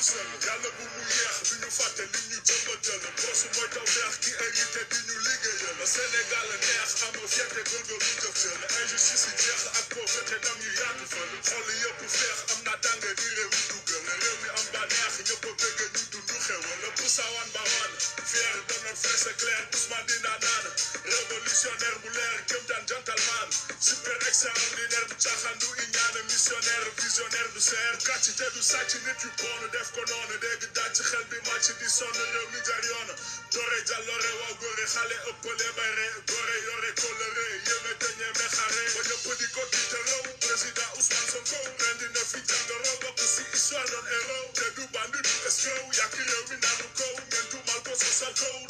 yàlla bu mu yeex bi ñu fàtte li ñu jëmbatal bosu mooy taw neex ki invité di ñu liggéeyal Sénégal neex ama fierté góorgóorlu ñu jëf jël injustice jeex ak pauvreté dam ñu yaatu fa xol yëpp feex am naa tànge di réew mi réew mi am ba neex ñëpp a bëgg ñu dund xewal pusawaan ba waan fier doon fees clair Ousmane dina naan révolutionnaire bu leer jëm daan jant extraordinaire du caaxaan du iñaane missionnaire visionnaire du seer kàcc te du sàcc nit yu bon def ko noonu dégg dàcc xel bi màcc di sonn réew mi jar yoon doore jàlloore waaw góore xale ëppale bay re góore yore kóllëre yéeme te ñeme xare di ko kiite réew président Ousmane Sonko rendi na fi jàngoro bokk si histoire doon héros du bandi du escrow yàq réew mi naanu kow mentu mal ko sosal kow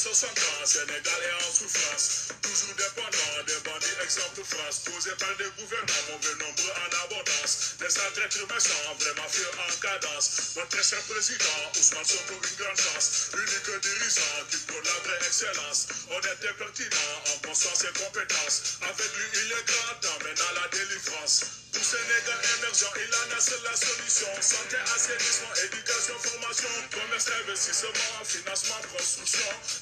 sur son camp, Sénégalais en souffrance. Toujours dépendant des bandits exempts de France, causés par des gouvernants mauvais nombreux en abondance. Des traîtres méchants, vraiment fiers en cadence. Notre très cher président, Ousmane Sonko, une grande chance. Unique dirigeant qui pour la excellence. Honnête et pertinent, en bon et compétence. Avec lui, il est la délivrance. Pour Sénégal émergent, il en a seule la solution. Santé, assainissement, éducation,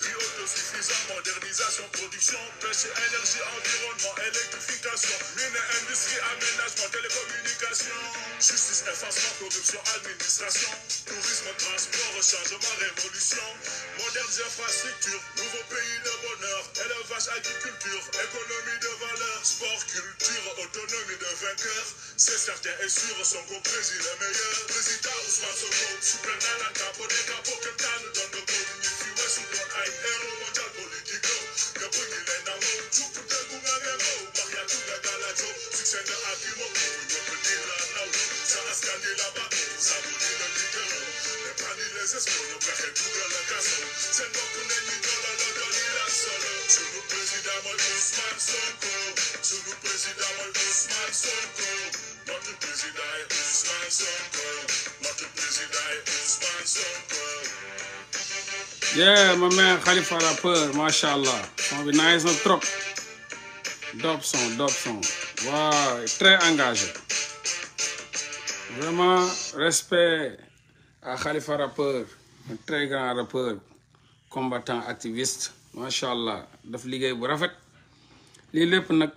Bioautosuffisant, modernisation, production, pêche et énergie, environnement, électrification, mine et industrie, aménagement, télécommunication, justice, effacement, corruption, administration, tourisme, transport, changement, révolution, modernes infrastructures, nouveau pays de bonheur, agriculture, économie de valeur, sport, culture, autonomie de vainqueur, c'est certain et sûr, son compris, il est meilleur. Président Ousmane Sonko, Supernal, Capo, Décapo, Ousmane Sonko ma mère Khalifa rappeur macha allah son bi nice na trop dope son dope son waaw très engagé vraiment respect à Khalifa rappeur très grand rappeur combattant activiste macha allah def liggéey bu rafet. lii lépp nag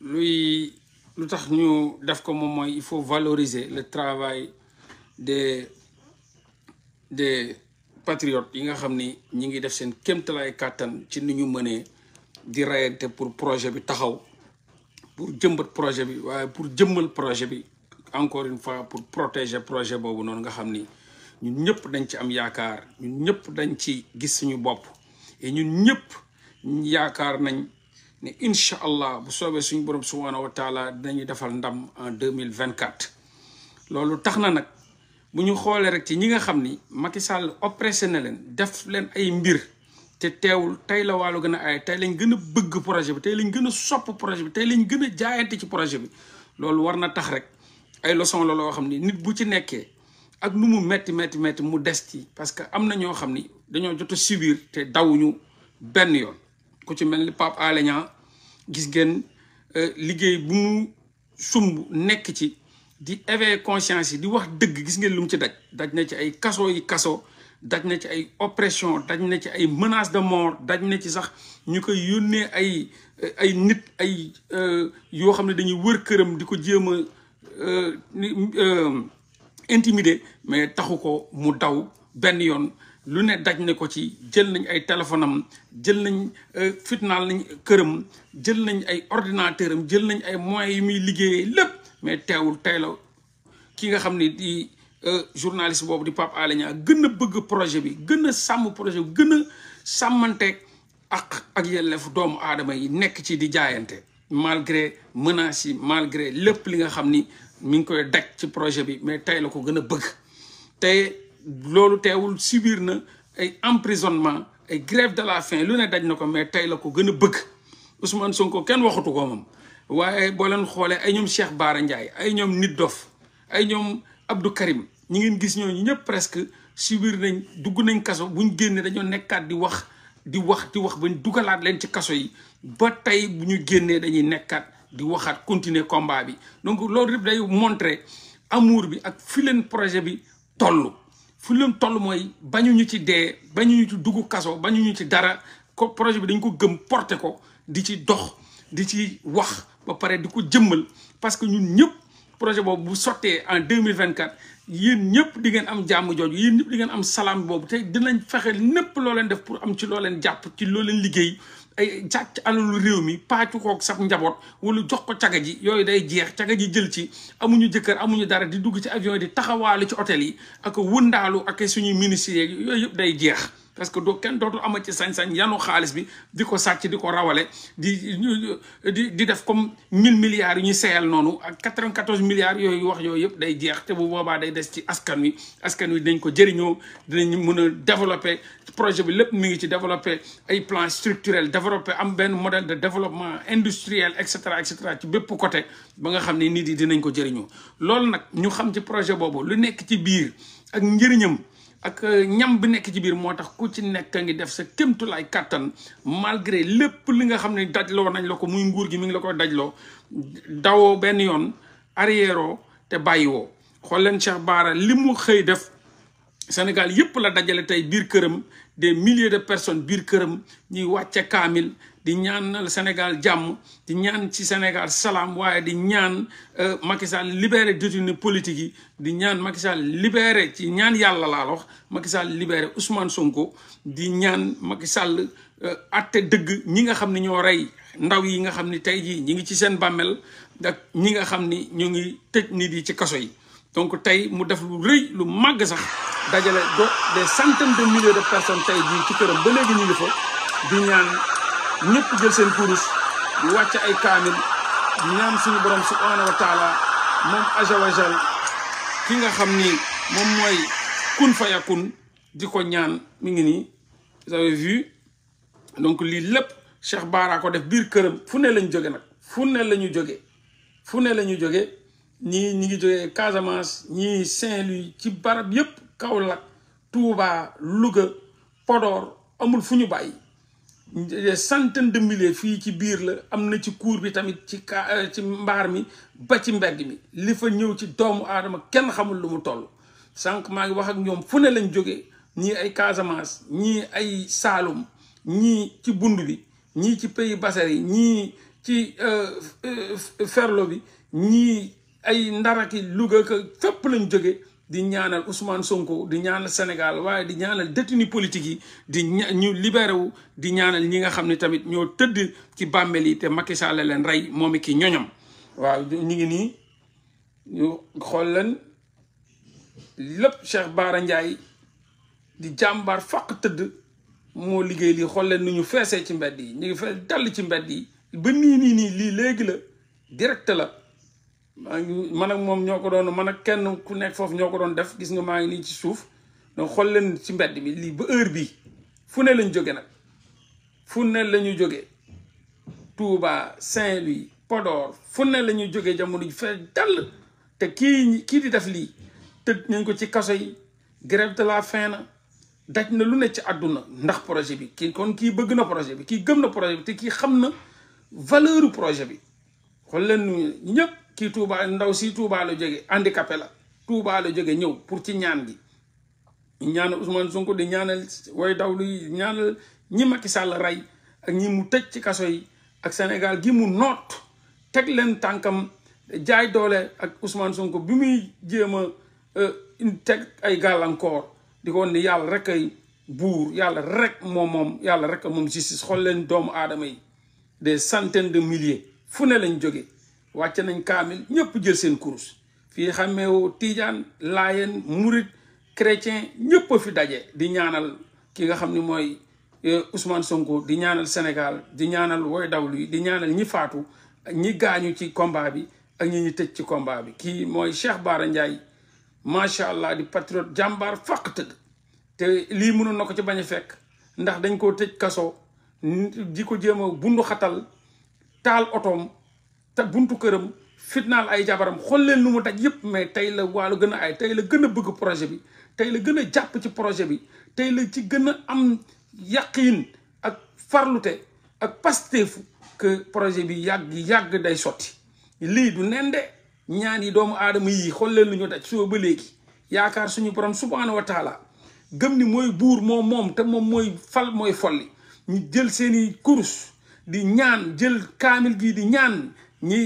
luy lu tax ñu def ko moom mooy il faut valoriser le travail des des patriotes yi nga xam ni ñi ngi def seen kéemtalaay kàttan ci ni ñu mënee di rayante pour projet bi taxaw pour jëmbat projet bi waaye pour jëmmal projet bi encore une fois pour protéger projet boobu noonu nga xam ni ñun ñëpp dañ ci am yaakaar ñun ñëpp dañ ci gis suñu bopp et ñun ñëpp yaakaar nañ ne incha allah bu soobee suñu borom subhaanahu wa taala dinañu defal ndam en deux mille vingt quatre loolu tax na nag bu ñu xoolee rek ci ñi nga xam ni Macky Sall oppressé leen def leen ay mbir te teewul tey la wàllu gën a ay tey lañ gën a bëgg projet bi tey lañ gën a sopp projet bi tey lañ gën a jaayante ci projet bi loolu war na tax rek ay leçon la loo xam ni nit bu ci nekkee ak lu mu metti metti mu des ci parce que am na ñoo xam ni dañoo jot a subir te dawuñu benn yoon. ku ci mel ni Pape Alé gis ngeen euh, liggéey bu mu sumb nekk ci di éveiller conscience yi di wax dëgg gis ngeen lu mu ci daj daj na ci ay kaso yi kaso daj na ci ay oppression daj na ci ay menace de mort daj na ci sax ñu koy yónnee ay euh, ay nit ay euh, yoo xam ne dañuy wër këram di ko jéem a intimider mais taxu ko mu daw benn yoon lu ne daj na ko ci jël nañ ay téléphone jël nañ euh, fitnaal nañ këram jël nañ ay ordinateur am jël nañ ay moyens yu muy liggéeyee lépp mais teewul tey la ki nga xam ni di euh, journaliste boobu di Pape Alé Niang gën a bëgg projet bi gën a sàmm projet bi gën a sàmmante ak ak yelleef doomu aadama yi nekk ci di jaayante malgré menaces yi malgré lépp li nga xam ni mi ngi koy daj ci projet bi mais tey la ko gën a bëgg tey loolu teewul subir na ay emprisonnement ay grève de la fin lu ne dañ na ko mais tey la ko gën a bëgg Ousmane Sonko kenn waxatu ko moom waaye boo leen xoolee ay ñoom Cheikh Baara Ndiaye ay ñoom Nit Dof ay ñoom abdu Karim ñu ngeen gis ñooñu ñëpp presque subir nañ dugg nañ kaso buñ génnee dañoo nekkaat di wax di wax di wax bañ dugalaat leen ci kaso yi ba tey bu ñu génnee dañuy nekkaat di waxaat continuer combat bi donc loolu yëpp day montrer amour bi ak fi leen projet bi toll fu leen toll mooy bañu ñu ci dee bañu ñu ci dugg kaso bañu ñu ci dara ko projet bi dañ ko gëm porter ko di ci dox di ci wax ba pare di ko jëmmal parce que ñun ñëpp projet boobu bu sottee en deux mille vingt quatre yéen ñëpp di ngeen am jàmm jooju yéen ñëpp di ngeen am salaam boobu te dinañ fexe népp loo leen def pour am ci loo leen jàpp ci loo leen liggéey ay càcc alalu réew mi paacu kook sax njaboot wala jox ko caga ji yooyu day jeex caga ji jël ci amuñu jëkkër amuñu dara di dugg ci avion di taxawaale ci hôtel yi ak wëndaalu ak suñuy ministres yooyu yëpp day jeex parce que doo kenn dootul ama ci sañ-sañ yanu xaalis bi di ko sàcc di ko rawale di di di def comme mille milliards yu ñu seyal noonu ak quatre-vingt-quatorze milliards yooyu wax yooyu yëpp day jeex te bu boobaa day des ci askan wi askan wi dañ ko jëriñoo dinañ mun a développer projet bi lépp mu ngi ci développer ay plan structurel développer am benn modèle de développement industriel et cetera et cetera ci bépp côté ba nga xam ni nit yi dinañ ko jëriñoo loolu nag ñu xam ci projet boobu lu nekk ci biir ak njëriñam ak euh, ñam bi nekk ci biir moo tax ku ci nekk ngi def sa kémtulaay kàttan malgré lépp li nga xam ne dajloo nañ la ko muy nguur gi mi ngi la ko dajloo dawoo benn yoon arrière te bàyyiwoo xool leen Cheikh baara li mu xëy def Sénégal yépp la dajale tey biir këram des millier de personnes biir këram ñuy wàcce kaamil di ñaanal Sénégal jàmm di ñaan ci Sénégal salaam waaye di ñaan euh, Macky Sall libéré détenu politique yi di ñaan Macky Sall libéré ci ñaan yàlla laa wax Macky Sall libéré Ousmane Sonko di ñaan Macky Sall euh, atte dëgg ñi nga xam ni ñoo rey ndaw yi nga xam ni tey jii ñi ngi ci seen bàmmeel ak ñi nga xam ni ñu ngi tëj nit yi ci kaso yi donc tey mu def lu rëy lu màgg sax dajale do de centaines de milliers de personnes tey jii ci këram ba léegi ñu ngi fa di ñaan ñëpp jël seen kurus di wàcc ay kaamil di ñaan suñu borom subhaanahu wa taala moom ajawajal ki nga xam ni moom mooy kun fayakun di ko ñaan mi ngi nii vous vu donc lii lépp Cheikh Bara def biir këram fu ne lañu joge nag fu ne la ñu jóge fu ne la ñu jóge ñii ñi ngi jógee Casamance ñii Saint-Louis ci barab yépp Kaolack Touba Louga Podor amul fu ñu bàyyi des centaines de milliers fii ci biir la am na ci cour bi tamit ci ka euh, ci mbaar mi ba ci mbedd mi li fa ñëw ci doomu aadama kenn xamul lu mu toll sànq maa ngi wax ak ñoom fu ne lañ jóge ñii ay Casamance ñii ay Saalum ñii ci Bund bi ñii ci pays Basar yi ñii ci euh, euh, Ferlo bi ñii ay Ndaraki Louga ka fépp lañ jóge di ñaanal Ousmane Sonko di ñaanal Sénégal waaye di ñaanal détenu politique yi di ñu libéré di ñaanal ñi nga xam ne tamit ñoo tëdd ci bàmmeel yi te Macky Sall leen rey moom i ki ñoñom waaw ñu ngi nii ñu xool leen lépp Cheikh Bara Ndiaye di jàmbaar faq tëdd moo liggéey lii xool leen nu ñu feesee ci mbedd yi ñu ngi fees dall ci mbedd yi ba nii nii nii lii léegi la direct la man ak moom ñoo ko doon man ak kenn ku nekk foofu ñoo ko doon def gis nga maa ngi nii ci suuf donc xool leen ci mbedd bi lii ba heure bii fu ne lañu jóge nag fu ne la ñu jóge Touba Saint-Louis Podor fu ne la ñuy jógee jamono ji fee dal te kii kii di def lii tëj nañ ko ci kaso yi grève de la faim na daj na lu ne ci àdduna ndax projet bi kii kon kii bëgg na projet bi kii gëm na projet bi te kii xam na valeur projet bi xool leen ñëpp kii Touba ndaw si Touba la jóge handicapé la Touba jóge ñëw pour ci ñaan gi ñaan Ousmane Sonko di ñaanal way daw luy ñaanal ñi Macky Sall rey ak ñi mu tëj ci kaso yi ak Sénégal gi mu noot teg leen tànkam jaay doole ak Ousmane Sonko bi muy jéem a euh, teg ay gàllankoor di ko woon ni yàlla rek ay buur yàlla rek moom moom yàlla rek moom justice xool leen doomu aadama yi des centaines de milliers fu ne lañ jóge wàcc nañ kaamil ñëpp jël seen kurus fii xàmmeewu tiijaan layen murit chrétien ñëpp fi daje di ñaanal ki nga xam ni mooy eh, Ousmane Sonko di ñaanal Sénégal di ñaanal woy dawlu yi di ñaanal ñi faatu ñi gaañu ci combat bi ak ñi ñu tëj ci combat bi kii mooy Cheikh Bara Ndiaye macha allah di patriote jàmbaar fàq tëgg te lii mënoon na ko ci bañ a fekk ndax dañ koo tëj kaso di ko jéem a taal otom te buntu këram fitnaal ay jabaram xool leen lu mu daj yëpp mais tey la waalo gën a ay tey la gën a bëgg projet bi tey la gën a jàpp ci projet bi tey la ci gën a am yaqiin ak farlute ak pasteefu que projet bi yàgg yàgg day sotti lii du nen de ñaan yi doomu aadama yi xool leen lu ñu daj suba ba léegi yaakaar suñu borom subhaanahu wa taala gëm ni mooy buur moom moom te moom mooy fal mooy folli ñu jël seeni kurus di ñaan jël kaamil gi di ñaan ñi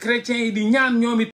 chrétiens yi di ñaan ñoom it